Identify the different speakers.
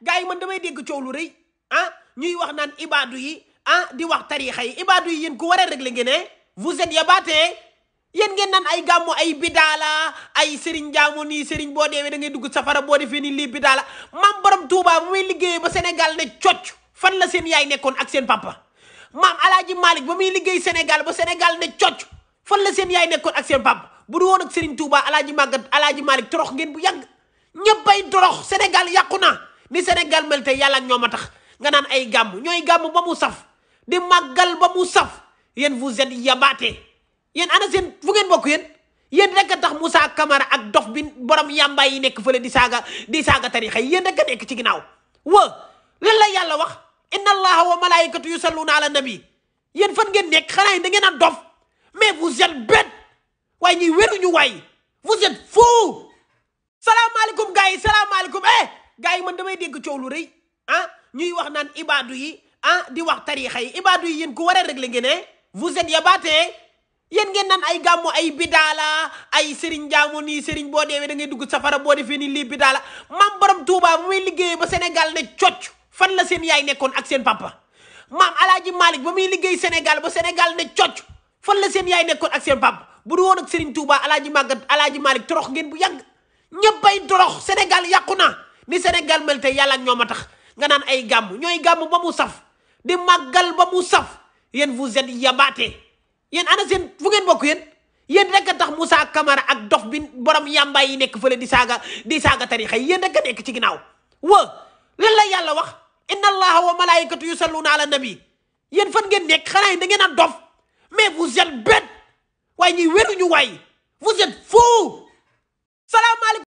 Speaker 1: gars yi man damay dégg coow lu rëy ah ñuy wax naan ibaadu yi ah di wax tariixa yi ibaadu yi yéen ku war a régler ngeen ne vous êtes yabaatee ngeen naan ay gàmmu ay bidaala ay sëriñ jaamu nii sëriñ boo deewee da ngay dugg safara boo defee nii lii bidaala maam borom Touba bu muy liggéeyee ba senegal ne cocc fan la seen yaay nekkoon ak seen papa maam Alaaji Malick ba muy liggéey Sénégal ba senegal ne cocc fan la seen yaay nekkoon ak seen papa bu du woon ak sëriñ Touba Alaaji Màggat Alaaji Malick torox ngeen bu yàgg ñëppay torox Sénégal yàqu na ni Sénégal mel yàlla ñoom a tax nga naan ay gàmm ñooy gàmm ba mu saf di màggal ba mu saf yéen vous êtes yabaate yéen ana seen fu ngeen bokk yéen yéen rek a tax Moussa Camara ak dof bi borom yàmbaay yi nekk fële di saaga di saaga tarixa yi yéen rek a nekk ci ginnaaw wa lan la yàlla wax inna allaha wa malaikatu naa la nabi yéen fan ngeen nekk xanaa yi da ngeen a dof mais vous êtes bête waaye ñuy wéruñu waay vous êtes fou salaamaaleykum gars yi salaamaaleykum eh gars yi man damay dégg coow lu rëy ah ñuy wax naan ibaadu yi ah di wax tariixa yi ibaadu yi yéen ku war a régler ngeen ne vous êtes yabaatee yéen ngeen naan ay gàmmu ay bidaala ay sëriñ jaamu nii sëriñ boo deewee da ngay dugg safara boo defee nii lii bidaala maam borom Touba bu muy liggéeyee ba Sénégal ne cocc la seen yaay nekkoon ak seen papa maam alaaji Malick ba muy liggéey Sénégal ba senegal ne cocc fan la seen yaay nekkoon ak seen papa bu du woon ak sëriñ Touba alaaji màggat alaaji Malick torox ngeen bu yàgg ñëpp ay torox Sénégal yàqu na ni Sénégal mel te yàlla ak ñoom a tax nga naan ay gàmm ñooy gàmm ba mu saf di màggal ba mu saf yéen vous êtes yabaate yéen ana seen fu ngeen bokk yéen yéen rek a tax Moussa Camara ak dof bi borom yàmbaay yi nekk fële di saaga di saaga tarixa yi yéen rek a nekk ci ginnaaw wa lan la yàlla wax inna allaha wa malaikatu naa la nabi yéen fan ngeen nekk xanaa yi da ngeen a dof mais vous êtes bête waaye ñuy wéruñu waay vous êtes fou salaamaaleykum